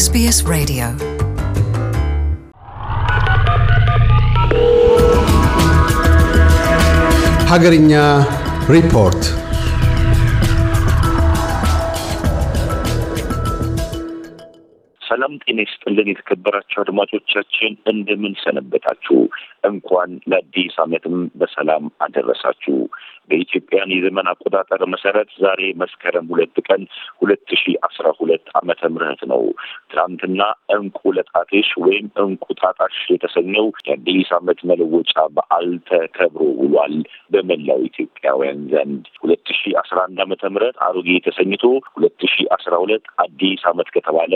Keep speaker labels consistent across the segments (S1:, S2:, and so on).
S1: ኤስቢኤስ ሬዲዮ ሀገርኛ ሪፖርት ሰላም ጤና ይስጥልን የተከበራቸው አድማጮቻችን እንደምን ሰነበታችሁ እንኳን ለአዲስ ዓመትም በሰላም አደረሳችሁ። በኢትዮጵያን የዘመን አቆጣጠር መሰረት ዛሬ መስከረም ሁለት ቀን ሁለት ሺ አስራ ሁለት ዓመተ ምህረት ነው። ትናንትና እንቁለጣቴሽ ወይም እንቁጣጣሽ የተሰኘው የአዲስ ዓመት መለወጫ በዓል ተከብሮ ውሏል በመላው ኢትዮጵያውያን ዘንድ። ሁለት ሺ አስራ አንድ ዓመተ ምህረት አሮጌ ተሰኝቶ ሁለት ሺ አስራ ሁለት አዲስ ዓመት ከተባለ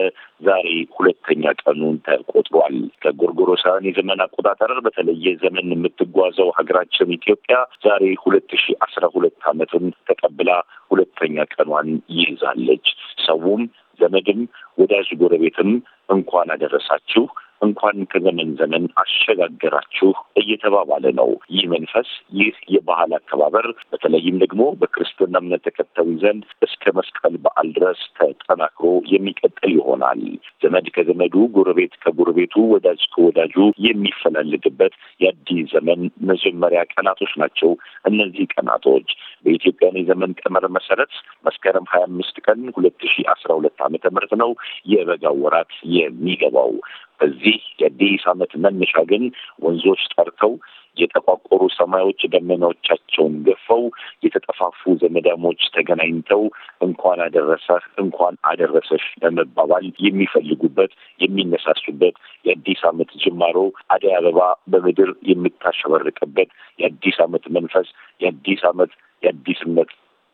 S1: ዛሬ ሁለተኛ ቀኑን ተቆጥሯል። ከጎርጎሮሳን የዘመን አቆጣጠር በተለይ በየዘመን የምትጓዘው ሀገራችን ኢትዮጵያ ዛሬ ሁለት ሺ አስራ ሁለት አመትን ተቀብላ ሁለተኛ ቀኗን ይይዛለች። ሰውም ዘመድም ወዳጅ ጎረቤትም እንኳን አደረሳችሁ እንኳን ከዘመን ዘመን አሸጋገራችሁ እየተባባለ ነው። ይህ መንፈስ ይህ የባህል አከባበር በተለይም ደግሞ በክርስትና እምነት ተከታዮች ዘንድ እስከ መስቀል በዓል ድረስ ተጠናክሮ የሚቀጥል ይሆናል። ዘመድ ከዘመዱ፣ ጎረቤት ከጎረቤቱ፣ ወዳጅ ከወዳጁ የሚፈላልግበት የአዲስ ዘመን መጀመሪያ ቀናቶች ናቸው። እነዚህ ቀናቶች በኢትዮጵያን የዘመን ቀመር መሰረት መስከረም ሀያ አምስት ቀን ሁለት ሺ አስራ ሁለት ዓመተ ምህረት ነው የበጋው ወራት የሚገባው። በዚህ የአዲስ ዓመት መነሻ ግን ወንዞች ጠርተው የጠቋቆሩ ሰማዮች ደመናዎቻቸውን ገፈው የተጠፋፉ ዘመዳሞች ተገናኝተው እንኳን አደረሰህ እንኳን አደረሰሽ በመባባል የሚፈልጉበት የሚነሳሱበት የአዲስ ዓመት ጅማሮ አደይ አበባ በምድር የምታሸበርቅበት የአዲስ ዓመት መንፈስ የአዲስ ዓመት የአዲስነት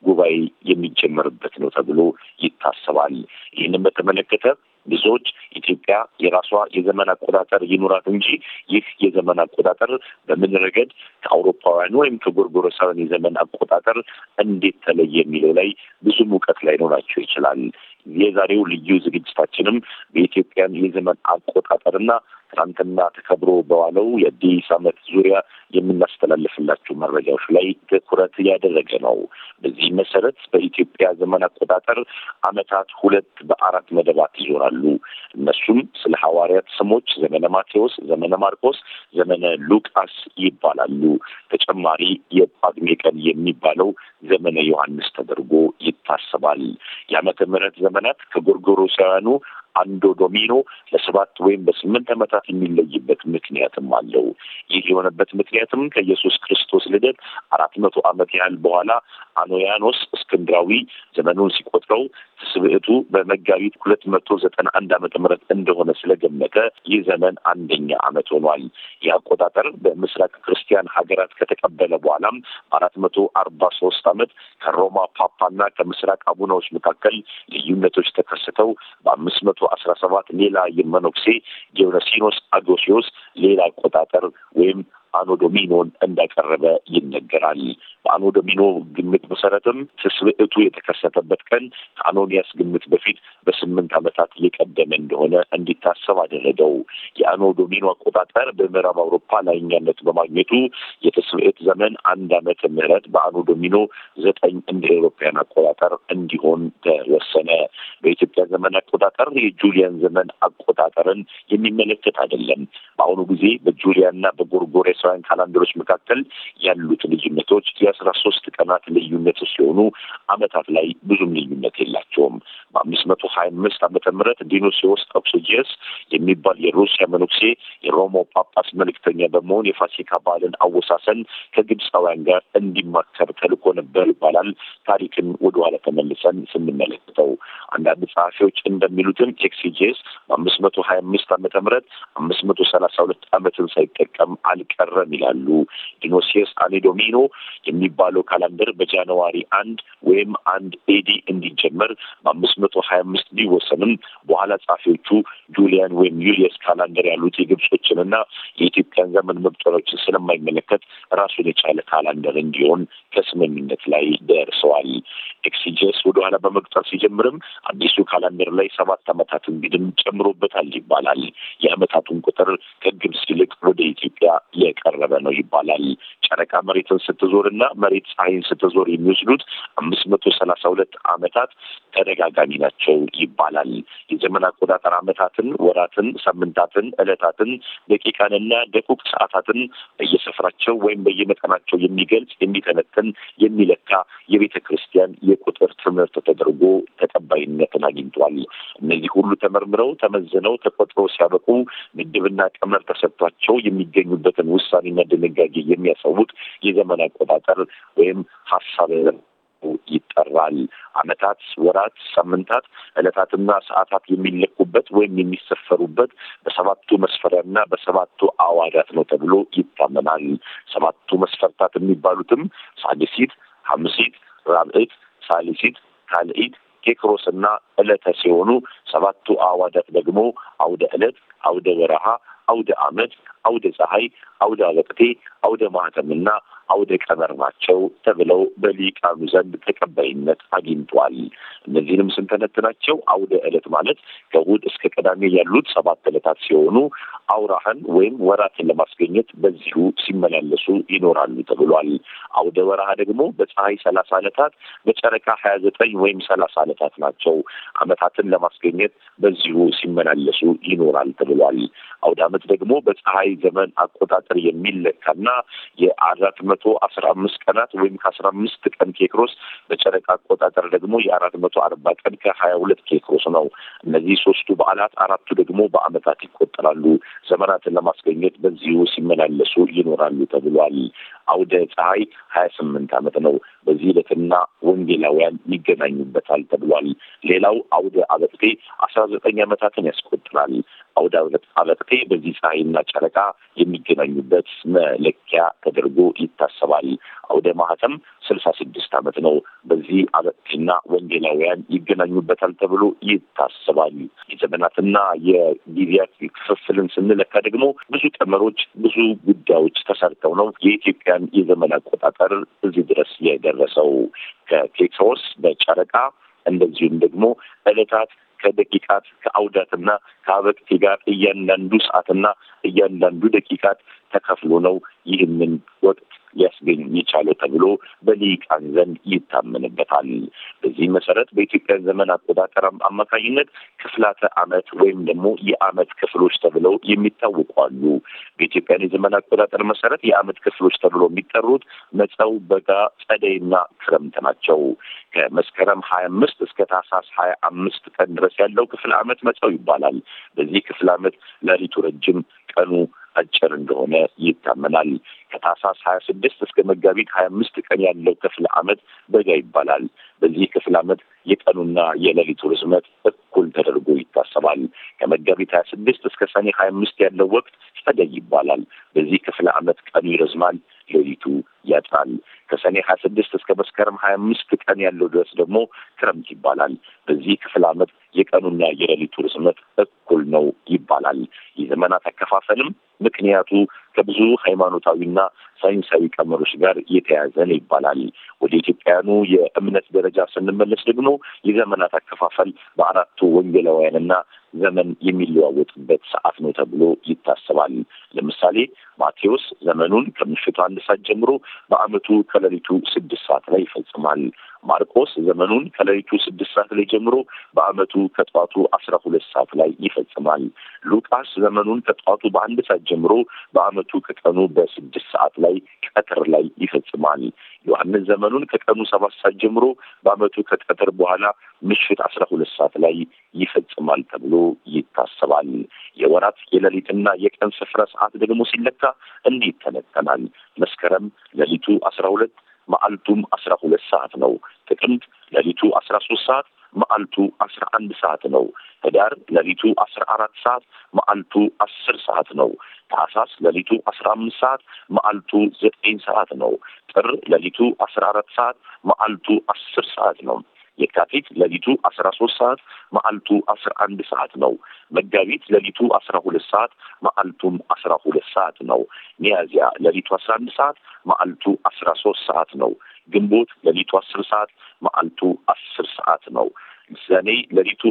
S1: ጉባኤ የሚጀመርበት ነው ተብሎ ይታሰባል። ይህንም በተመለከተ ብዙዎች ኢትዮጵያ የራሷ የዘመን አቆጣጠር ይኑራት እንጂ ይህ የዘመን አቆጣጠር በምን ረገድ ከአውሮፓውያኑ ወይም ከጎርጎረሳውያን የዘመን አቆጣጠር እንዴት ተለየ የሚለው ላይ ብዙም እውቀት ላይኖራቸው ይችላል። የዛሬው ልዩ ዝግጅታችንም በኢትዮጵያን የዘመን አቆጣጠርና ትናንትና ተከብሮ በዋለው የአዲስ ዓመት ዙሪያ የምናስተላልፍላችሁ መረጃዎች ላይ ትኩረት ያደረገ ነው። በዚህ መሰረት በኢትዮጵያ ዘመን አቆጣጠር ዓመታት ሁለት በአራት መደባት ይዞራሉ። እነሱም ስለ ሐዋርያት ስሞች ዘመነ ማቴዎስ፣ ዘመነ ማርቆስ፣ ዘመነ ሉቃስ ይባላሉ። ተጨማሪ የጳጉሜ ቀን የሚባለው ዘመነ ዮሐንስ ተደርጎ ይታሰባል። የዓመተ ምህረት ዘመናት ከጎርጎሮሳውያኑ አንዶ ዶሚኖ ለሰባት ወይም በስምንት ዓመታት የሚለይበት ምክንያትም አለው። ይህ የሆነበት ምክንያትም ከኢየሱስ ክርስቶስ ልደት አራት መቶ ዓመት ያህል በኋላ አኖያኖስ እስክንድራዊ ዘመኑን ሲቆጥረው ስብዕቱ በመጋቢት ሁለት መቶ ዘጠና አንድ ዓመተ ምህረት እንደሆነ ስለገመተ ይህ ዘመን አንደኛ ዓመት ሆኗል። ይህ አቆጣጠር በምስራቅ ክርስቲያን ሀገራት ከተቀበለ በኋላም አራት መቶ አርባ ሶስት ዓመት ከሮማ ፓፓና ከምስራቅ አቡናዎች መካከል ልዩነቶች ተከስተው በአምስት መቶ አስራ ሰባት ሌላ የመኖክሴ ዲዮነሲኖስ አጎሲዮስ ሌላ አቆጣጠር ወይም አኖዶሚኖን እንዳቀረበ ይነገራል። በአኖዶሚኖ ግምት መሰረትም ትስብእቱ የተከሰተበት ቀን ከአኖኒያስ ግምት በፊት በስምንት ዓመታት የቀደመ እንደሆነ እንዲታሰብ አደረገው። የአኖ ዶሚኖ አቆጣጠር በምዕራብ አውሮፓ ላይኛነት በማግኘቱ የትስብእት ዘመን አንድ ዓመተ ምህረት በአኖዶሚኖ ዘጠኝ እንደ ኤሮፓያን አቆጣጠር እንዲሆን ተወሰነ። በኢትዮጵያ ዘመን አቆጣጠር የጁሊያን ዘመን አቆጣጠርን የሚመለከት አይደለም። በአሁኑ ጊዜ በጁሊያና በጎርጎሬሳውያን ካላንደሮች መካከል ያሉት ልዩነቶች የአስራ ሶስት ቀናት ልዩነት ሲሆኑ ዓመታት ላይ ብዙም ልዩነት የላቸውም። በአምስት መቶ ሀያ አምስት አመተ ምህረት ዲዮስቆሮስ ጠብሶጊዮስ የሚባል የሩሲያ መነኩሴ የሮሞ ጳጳስ መልእክተኛ በመሆን የፋሲካ በዓልን አወሳሰን ከግብፃውያን ጋር እንዲማከር ተልኮ ነበር ይባላል። ታሪክን ወደኋላ ተመልሰን ስንመለከተው አንዳንድ ጸሐፊዎች እንደሚሉትም ኤክሲጂስ በአምስት መቶ ሀያ አምስት አመተ ምህረት አምስት መቶ ሰላሳ ሁለት ዓመትን ሳይጠቀም አልቀረም ይላሉ። ዲዮስቆሮስ አኔዶሚኖ የሚባለው ካላንደር በጃንዋሪ አንድ ወይ ወይም አንድ ኤዲ እንዲጀመር በአምስት መቶ ሀያ አምስት ቢወሰንም በኋላ ጻፊዎቹ ጁሊያን ወይም ዩሊየስ ካላንደር ያሉት የግብጾችንና የኢትዮጵያን ዘመን መቁጠሪያዎችን ስለማይመለከት ራሱን የቻለ ካላንደር እንዲሆን ከስምምነት ላይ ደርሰዋል። ኤክሲጀስ ወደኋላ በመቁጠር ሲጀምርም አዲሱ ካላንደር ላይ ሰባት ዓመታት እንግድም ጨምሮበታል ይባላል። የዓመታቱን ቁጥር ከግብጽ ይልቅ ወደ ኢትዮጵያ የቀረበ ነው ይባላል። ጨረቃ መሬትን ስትዞር መሬት ፀሐይን ስትዞር የሚወስዱት አምስት መቶ ሰላሳ ሁለት ዓመታት ተደጋጋሚ ናቸው ይባላል። የዘመን አቆጣጠር ዓመታትን፣ ወራትን፣ ሳምንታትን፣ እለታትን፣ ደቂቃንና ደቁቅ ሰዓታትን በየስፍራቸው ወይም በየመጠናቸው የሚገልጽ የሚተነትን፣ የሚለካ የቤተ ክርስቲያን የቁጥር ትምህርት ተደርጎ ተቀባይነትን አግኝቷል። እነዚህ ሁሉ ተመርምረው ተመዝነው ተቆጥሮ ሲያበቁ ምድብና ቀመር ተሰጥቷቸው የሚገኙበትን ውሳኔና ድንጋጌ የሚያሳው ልውውጥ የዘመን አቆጣጠር ወይም ሀሳብ ይጠራል። ዓመታት፣ ወራት፣ ሳምንታት፣ ዕለታትና ሰዓታት የሚለኩበት ወይም የሚሰፈሩበት በሰባቱ መስፈሪያና በሰባቱ አዋዳት ነው ተብሎ ይታመናል። ሰባቱ መስፈርታት የሚባሉትም ሳድሲት፣ ሐምሲት፣ ራብዒት፣ ሳሊሲት፣ ካልዒት፣ ኬክሮስና ዕለተ ሲሆኑ ሰባቱ አዋዳት ደግሞ አውደ ዕለት፣ አውደ በረሃ፣ او دا امت او دا صحي او دا لقتي او دا ما تمنا አውደ ቀመር ናቸው ተብለው በሊቃኑ ዘንድ ተቀባይነት አግኝቷል። እነዚህንም ስንተነትናቸው አውደ ዕለት ማለት ከሁድ እስከ ቅዳሜ ያሉት ሰባት ዕለታት ሲሆኑ አውራህን ወይም ወራትን ለማስገኘት በዚሁ ሲመላለሱ ይኖራሉ ተብሏል። አውደ ወርሃ ደግሞ በፀሐይ ሰላሳ ዕለታት በጨረቃ ሀያ ዘጠኝ ወይም ሰላሳ ዕለታት ናቸው። ዓመታትን ለማስገኘት በዚሁ ሲመላለሱ ይኖራል ተብሏል። አውደ ዓመት ደግሞ በፀሐይ ዘመን አቆጣጠር የሚለካና የአራት መ መቶ አስራ አምስት ቀናት ወይም ከአስራ አምስት ቀን ኬክሮስ በጨረቃ አቆጣጠር ደግሞ የአራት መቶ አርባ ቀን ከሀያ ሁለት ኬክሮስ ነው። እነዚህ ሶስቱ በዓላት አራቱ ደግሞ በአመታት ይቆጠራሉ። ዘመናትን ለማስገኘት በዚሁ ሲመላለሱ ይኖራሉ ተብሏል። አውደ ፀሐይ ሀያ ስምንት ዓመት ነው። በዚህ ዕለትና ወንጌላውያን ይገናኙበታል ተብሏል። ሌላው አውደ አበቅቴ አስራ ዘጠኝ ዓመታትን ያስቆጥራል። አውደ አበቅቴ በዚህ ፀሐይና ጨረቃ የሚገናኙበት መለኪያ ተደርጎ ይታ ይታሰባል። አውደ ማህተም ስልሳ ስድስት ዓመት ነው። በዚህ አበትና ወንጌላውያን ይገናኙበታል ተብሎ ይታሰባል። የዘመናትና የጊዜያት ክፍፍልን ስንለካ ደግሞ ብዙ ቀመሮች፣ ብዙ ጉዳዮች ተሰርተው ነው የኢትዮጵያን የዘመን አቆጣጠር እዚህ ድረስ የደረሰው ከቴክሮስ በጨረቃ እንደዚሁም ደግሞ ዕለታት ከደቂቃት ከአውዳትና ከአበቅቲ ጋር እያንዳንዱ ሰዓትና እያንዳንዱ ደቂቃት ተከፍሎ ነው ይህንን ወቅት ሊያስገኝ የቻለው ተብሎ በሊቃን ዘንድ ይታመንበታል። በዚህ መሰረት በኢትዮጵያን ዘመን አቆጣጠር አማካኝነት ክፍላተ ዓመት ወይም ደግሞ የዓመት ክፍሎች ተብለው የሚታወቁ አሉ። በኢትዮጵያን የዘመን አቆጣጠር መሰረት የዓመት ክፍሎች ተብሎ የሚጠሩት መጸው፣ በጋ፣ ጸደይና ክረምት ናቸው። ከመስከረም ሀያ አምስት እስከ ታህሳስ ሀያ አምስት ቀን ድረስ ያለው ክፍለ ዓመት መጸው ይባላል። በዚህ ክፍለ ዓመት ሌሊቱ ረጅም ቀኑ አጭር እንደሆነ ይታመናል። ከታህሳስ ሀያ ስድስት እስከ መጋቢት ሀያ አምስት ቀን ያለው ክፍለ ዓመት በጋ ይባላል። በዚህ ክፍለ ዓመት የቀኑና የሌሊቱ ርዝመት እኩል ተደርጎ ይታሰባል። ከመጋቢት ሀያ ስድስት እስከ ሰኔ ሀያ አምስት ያለው ወቅት ጸደይ ይባላል። በዚህ ክፍለ ዓመት ቀኑ ይረዝማል፣ ሌሊቱ ያጥራል። ከሰኔ ሀያ ስድስት እስከ መስከረም ሀያ አምስት ቀን ያለው ድረስ ደግሞ ክረምት ይባላል። በዚህ ክፍለ ዓመት የቀኑና የሌሊቱ ርዝመት እኩል ነው ይባላል። የዘመናት አከፋፈልም ምክንያቱ ከብዙ ሃይማኖታዊና ሳይንሳዊ ቀመሮች ጋር የተያያዘ ነው ይባላል። ወደ ኢትዮጵያውያኑ የእምነት ደረጃ ስንመለስ ደግሞ የዘመናት አከፋፈል በአራቱ ወንጌላውያንና ዘመን የሚለዋወጥበት ሰዓት ነው ተብሎ ይታሰባል። ለምሳሌ ማቴዎስ ዘመኑን ከምሽቱ አንድ ሰዓት ጀምሮ በአመቱ ከሌሊቱ ስድስት ሰዓት ላይ ይፈጽማል። ማርቆስ ዘመኑን ከሌሊቱ ስድስት ሰዓት ላይ ጀምሮ በአመቱ ከጠዋቱ አስራ ሁለት ሰዓት ላይ ይፈጽማል። ሉቃስ ዘመኑን ከጠዋቱ በአንድ ሰዓት ጀምሮ በዓመቱ ከቀኑ በስድስት ሰዓት ላይ ቀትር ላይ ይፈጽማል። ዮሐንስ ዘመኑን ከቀኑ ሰባት ሰዓት ጀምሮ በአመቱ ከቀትር በኋላ ምሽት አስራ ሁለት ሰዓት ላይ ይፈጽማል ተብሎ ይታሰባል። የወራት የሌሊትና የቀን ስፍራ ሰዓት ደግሞ ሲለካ እንዲህ ይተነተናል። መስከረም ሌሊቱ አስራ ሁለት ማዕልቱም አስራ ሁለት ሰዓት ነው። ጥቅምት ሌሊቱ አስራ ሶስት ሰዓት ማዕልቱ አስራ አንድ ሰዓት ነው። ህዳር ሌሊቱ አስራ አራት ሰዓት ማዕልቱ አስር ሰዓት ነው። ታህሳስ ሌሊቱ አስራ አምስት ሰዓት ማዕልቱ ዘጠኝ ሰዓት ነው። ጥር ሌሊቱ አስራ አራት ሰዓት ማዕልቱ አስር ሰዓት ነው። የካቲት ለሊቱ አስራ ሶስት ሰዓት ማዕልቱ አስራ አንድ ሰዓት ነው። መጋቢት ለሊቱ አስራ ሁለት ሰዓት ማዕልቱም አስራ ሁለት ሰዓት ነው። ሚያዝያ ለሊቱ አስራ አንድ ሰዓት ማዕልቱ አስራ ሶስት ሰዓት ነው። ግንቦት ለሊቱ አስር ሰዓት ማዕልቱ አስር ሰዓት ነው። ሰኔ ለሊቱ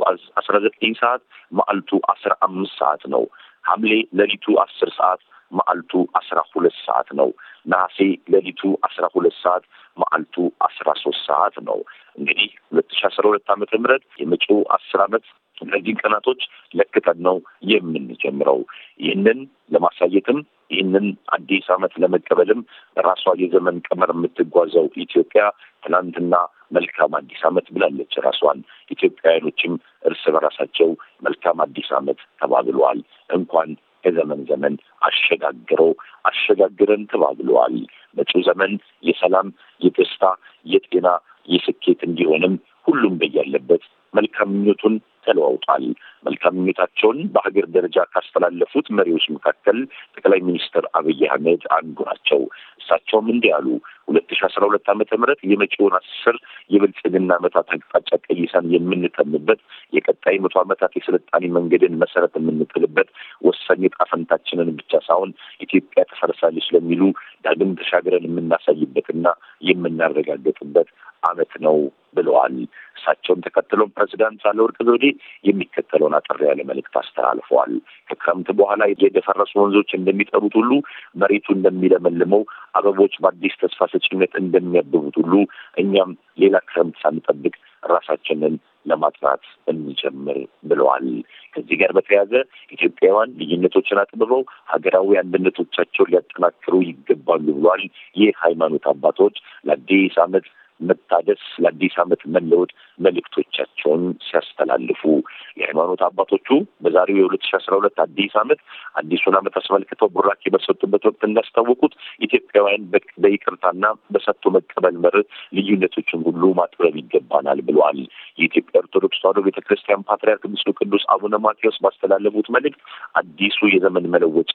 S1: አስራ ዘጠኝ ሰዓት ማዕልቱ አስራ አምስት ሰዓት ነው። ሐምሌ ለሊቱ አስር ሰዓት ማዕልቱ አስራ ሁለት ሰዓት ነው። ነሐሴ ሌሊቱ አስራ ሁለት ሰዓት ማዕልቱ አስራ ሶስት ሰዓት ነው። እንግዲህ ሁለት ሺ አስራ ሁለት ዓመተ ምህረት የመጪው አስር ዓመት እነዚህ ቀናቶች ለክተን ነው የምንጀምረው። ይህንን ለማሳየትም ይህንን አዲስ ዓመት ለመቀበልም ራሷ የዘመን ቀመር የምትጓዘው ኢትዮጵያ ትናንትና መልካም አዲስ ዓመት ብላለች ራሷን። ኢትዮጵያውያኖችም እርስ በራሳቸው መልካም አዲስ ዓመት ተባብለዋል። እንኳን ከዘመን ዘመን አሸጋግረው አሸጋግረን ተባብለዋል። መጪው ዘመን የሰላም፣ የደስታ፣ የጤና፣ የስኬት እንዲሆንም ሁሉም በያለበት መልካም ምኞቱን ተለዋውጧል። መልካም ምኞታቸውን በሀገር ደረጃ ካስተላለፉት መሪዎች መካከል ጠቅላይ ሚኒስትር አብይ አህመድ አንዱ ናቸው። እሳቸውም እንዲህ አሉ። ሁለት ሺ አስራ ሁለት ዓመተ ምህረት የመጪውን አስር የብልጽግና ዓመታት አቅጣጫ ቀይሰን የምንጠምበት የቀጣይ መቶ ዓመታት የስልጣኔ መንገድን መሰረት የምንጥልበት ወሳኝ ዕጣ ፈንታችንን ብቻ ሳይሆን ኢትዮጵያ ተፈርሳለች ለሚሉ ዳግም ተሻግረን የምናሳይበትና የምናረጋግጥበት ዓመት ነው ብለዋል። እሳቸውን ተከትሎም ፕሬዚዳንት ሳህለወርቅ ዘውዴ የሚከተለውን አጠር ያለ መልእክት አስተላልፈዋል። ከክረምት በኋላ የደፈረሱ ወንዞች እንደሚጠሩት ሁሉ መሬቱ እንደሚለመልመው አበቦች በአዲስ ተስፋ ሰጭነት እንደሚያብቡት ሁሉ እኛም ሌላ ክረምት ሳንጠብቅ ራሳችንን ለማጥራት እንጀምር ብለዋል። ከዚህ ጋር በተያያዘ ኢትዮጵያውያን ልዩነቶችን አጥብበው ሀገራዊ አንድነቶቻቸውን ሊያጠናክሩ ይገባሉ ብለዋል። ይህ ሃይማኖት አባቶች ለአዲስ ዓመት መታደስ፣ ለአዲስ ዓመት መለወጥ መልእክቶቻቸውን ሲያስተላልፉ የሃይማኖት አባቶቹ በዛሬው የሁለት ሺ አስራ ሁለት አዲስ ዓመት አዲሱን ዓመት አስመልክተው ቡራኬ በሰጡበት ወቅት እንዳስታወቁት ኢትዮጵያውያን በይቅርታና በሰጥቶ መቀበል መርህ ልዩነቶችን ሁሉ ማጥበብ ይገባናል ብለዋል። የኢትዮጵያ ኦርቶዶክስ ተዋሕዶ ቤተክርስቲያን ፓትርያርክ ምስሉ ቅዱስ አቡነ ማቴዎስ ባስተላለፉት መልእክት አዲሱ የዘመን መለወጫ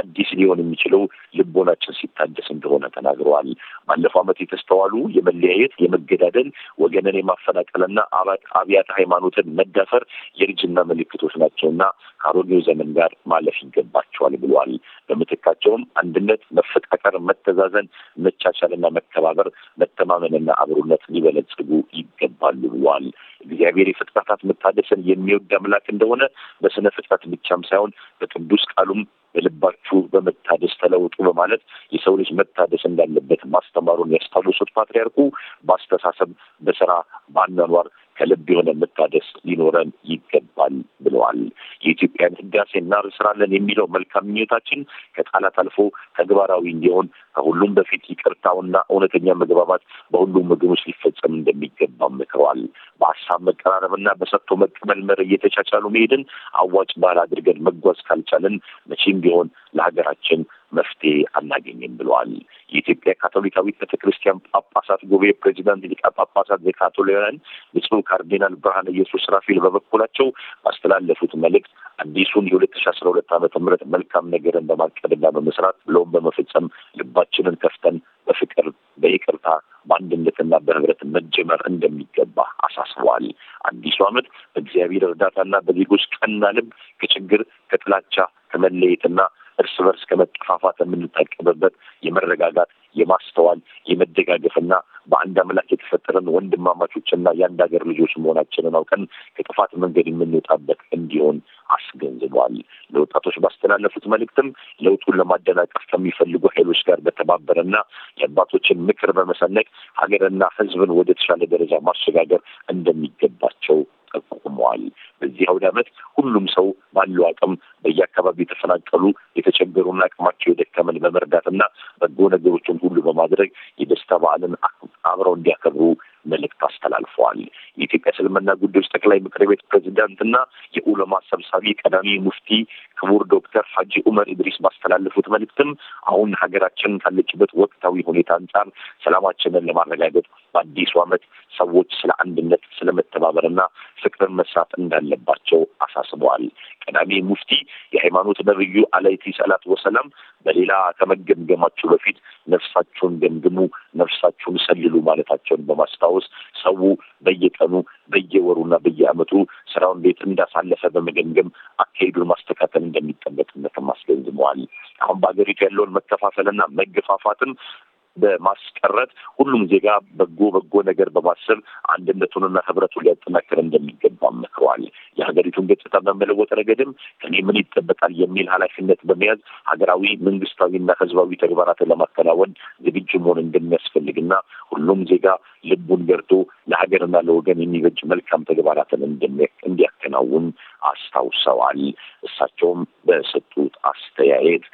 S1: አዲስ ሊሆን የሚችለው ልቦናችን ሲታደስ እንደሆነ ተናግረዋል። ባለፈው ዓመት የተስተዋሉ የመለያየት፣ የመገዳደል፣ ወገንን የማፈናቀልና አብያተ ሃይማኖትን መዳፈር የእርጅና ምልክቶች ናቸውና ከአሮጌው ዘመን ጋር ማለፍ ይገባቸዋል ብለዋል። በምትካቸውም አንድነት፣ መፈቃቀር፣ መተዛዘን፣ መቻቻልና መከባበር፣ መተማመንና አብሮነት ሊበለጽጉ ይገባሉ ብለዋል። እግዚአብሔር የፍጥረታት መታደሰን የሚወድ አምላክ እንደሆነ በስነ ፍጥረት ብቻም ሳይሆን በቅዱስ ቃሉም በልባችሁ በመታደስ ተለውጡ በማለት የሰው ልጅ መታደስ እንዳለበት ማስተማሩን ያስታውሱት ፓትሪያርኩ በአስተሳሰብ፣ በስራ፣ በአኗኗር ከልብ የሆነ መታደስ ሊኖረን ይገባል ብለዋል። የኢትዮጵያን እና እናበስራለን የሚለው መልካም ምኞታችን ከቃላት አልፎ ተግባራዊ እንዲሆን ከሁሉም በፊት ይቅርታውና እውነተኛ መግባባት በሁሉም ወገኖች ሊፈጸም እንደሚገባ መክረዋል። በሀሳብ መቀራረብና በሰጥቶ መቀበል እየተቻቻሉ መሄድን አዋጭ ባህል አድርገን መጓዝ ካልቻለን መቼም ቢሆን ለሀገራችን መፍትሄ አናገኝም ብለዋል። የኢትዮጵያ ካቶሊካዊት ቤተ ክርስቲያን ጳጳሳት ጉባኤ ፕሬዚዳንት ሊቃነ ጳጳሳት ዘካቶሊካውያን ብፁዕ ካርዲናል ብርሃነ ኢየሱስ ራፊል በበኩላቸው ባስተላለፉት መልእክት አዲሱን የሁለት ሺ አስራ ሁለት ዓመተ ምህረት መልካም ነገርን በማቀድና በመስራት ብለውም በመፈጸም ልባችንን ከፍተን በአንድነትና በህብረት መጀመር እንደሚገባ አሳስበዋል። አዲሱ ዓመት በእግዚአብሔር እርዳታና በዜጎች ቀና ልብ ከችግር ከጥላቻ ከመለየትና እርስ በርስ ከመጠፋፋት የምንጠቀምበት የመረጋጋት፣ የማስተዋል፣ የመደጋገፍና በአንድ አምላክ የተፈጠረን ወንድማማቾችና የአንድ ሀገር ልጆች መሆናችንን አውቀን ከጥፋት መንገድ የምንወጣበት እንዲሆን አስገንዝቧል። ለወጣቶች ባስተላለፉት መልእክትም ለውጡን ለማደናቀፍ ከሚፈልጉ ኃይሎች ጋር በተባበረና የአባቶችን ምክር በመሰነቅ ሀገርና ሕዝብን ወደ ተሻለ ደረጃ ማሸጋገር እንደሚገባቸው ጠቁመዋል። በዚህ አውደ ዓመት ሁሉም ሰው ባለው አቅም በየአካባቢ የተፈናቀሉ የተቸገሩና አቅማቸው የደከመን በመርዳትና በጎ ነገሮችን ሁሉ በማድረግ የደስታ በዓልን አስተላልፈዋል። የኢትዮጵያ እስልምና ጉዳዮች ጠቅላይ ምክር ቤት ፕሬዚዳንትና የኡለማ ሰብሳቢ ቀዳሚ ሙፍቲ ክቡር ዶክተር ሐጂ ኡመር ኢድሪስ ባስተላለፉት መልእክትም አሁን ሀገራችን ካለችበት ወቅታዊ ሁኔታ አንጻር ሰላማችንን ለማረጋገጥ በአዲሱ ዓመት ሰዎች ስለ አንድነት፣ ስለ መተባበርና ፍቅርን መስራት እንዳለባቸው አሳስበዋል። ቀዳሚ ሙፍቲ የሃይማኖት ነብዩ አላይቲ ሰላት ወሰላም በሌላ ከመገምገማቸው በፊት ነፍሳቸውን ገምግሙ ነፍሳችሁን ሰልሉ ማለታቸውን በማስታወስ ሰው በየቀኑ በየወሩና በየዓመቱ ስራውን ቤት እንዳሳለፈ በመገምገም አካሄዱን ማስተካከል እንደሚጠበቅበትም አስገንዝበዋል። አሁን በሀገሪቱ ያለውን መከፋፈልና መገፋፋትም በማስቀረት ሁሉም ዜጋ በጎ በጎ ነገር በማሰብ አንድነቱንና ህብረቱን ሊያጠናክር እንደሚገባም አድርገዋል። የሀገሪቱን ገጽታ በመለወጥ ረገድም ከኔ ምን ይጠበቃል የሚል ኃላፊነት በመያዝ ሀገራዊ መንግስታዊና ህዝባዊ ተግባራትን ለማከናወን ዝግጁ መሆን እንደሚያስፈልግና ሁሉም ዜጋ ልቡን ገርቶ ለሀገርና ለወገን የሚበጅ መልካም ተግባራትን እንዲያከናውን አስታውሰዋል። እሳቸውም በሰጡት አስተያየት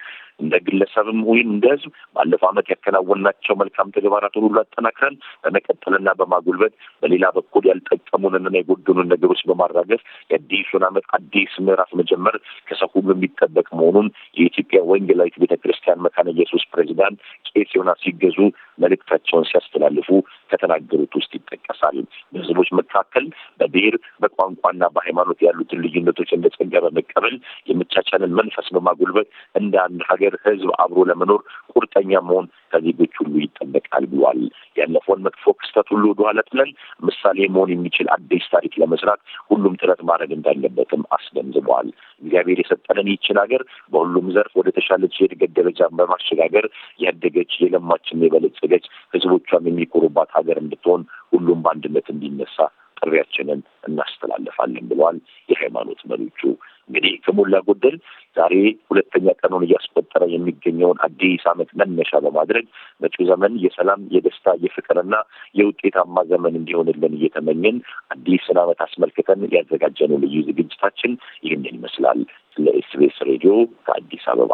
S1: እንደ ግለሰብም ወይም እንደ ህዝብ ባለፈው ዓመት ያከናወናቸው መልካም ተግባራት ሁሉ አጠናክረን በመቀጠልና በማጉልበት በሌላ በኩል ያልጠቀሙንንና የጎደሉን ነገሮች በማራገፍ የአዲሱን ዓመት አዲስ ምዕራፍ መጀመር ከሰው ሁሉ የሚጠበቅ መሆኑን የኢትዮጵያ ወንጌላዊት ቤተ ክርስቲያን መካነ ኢየሱስ ፕሬዚዳንት ቄስ ዮናስ ሲገዙ መልእክታቸውን ሲያስተላልፉ ከተናገሩት ውስጥ ይጠቀሳል። በህዝቦች መካከል በብሔር በቋንቋና በሃይማኖት ያሉትን ልዩነቶች እንደ ጸጋ በመቀበል የመቻቻልን መንፈስ በማጎልበት እንደ አንድ ሀገር ህዝብ አብሮ ለመኖር ቁርጠኛ መሆን ከዜጎች ሁሉ ይጠበቃል ብሏል። ያለፈውን መጥፎ ክስተት ሁሉ ወደኋላ ጥለን ምሳሌ መሆን የሚችል አዲስ ታሪክ ለመስራት ሁሉም ጥረት ማድረግ እንዳለበትም አስገንዝበዋል። እግዚአብሔር የሰጠንን ይችን ሀገር በሁሉም ዘርፍ ወደ ተሻለች የእድገት ደረጃ በማሸጋገር ያደገች የለማችን የበለጸገች ህዝቦቿም የሚኮሩባት ሀገር እንድትሆን ሁሉም በአንድነት እንዲነሳ ጥሪያችንን እናስተላልፋለን ብለዋል የሃይማኖት መሪዎቹ። እንግዲህ ከሞላ ጎደል ዛሬ ሁለተኛ ቀኑን እያስቆጠረ የሚገኘውን አዲስ ዓመት መነሻ በማድረግ መጪው ዘመን የሰላም፣ የደስታ፣ የፍቅርና የውጤታማ ዘመን እንዲሆንልን እየተመኘን አዲስን ዓመት አስመልክተን ያዘጋጀነው ልዩ ዝግጅታችን ይህንን ይመስላል። ለኤስቢኤስ ሬዲዮ ከአዲስ አበባ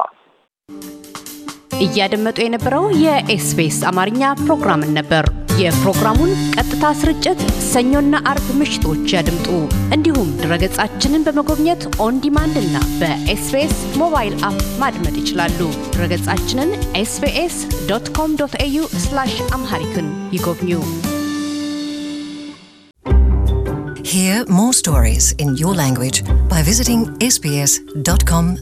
S1: እያደመጡ የነበረው የኤስቢኤስ አማርኛ ፕሮግራምን ነበር። የፕሮግራሙን ቀጥታ ስርጭት ሰኞና አርብ ምሽቶች ያድምጡ። እንዲሁም ድረገጻችንን በመጎብኘት ኦን ዲማንድ እና በኤስቤስ ሞባይል አፕ ማድመጥ ይችላሉ። ድረገጻችንን ኤስቤስ ዶት ኮም ዶት ኤዩ አምሃሪክን ይጎብኙ። Hear more stories in your language by visiting sbs.com.au.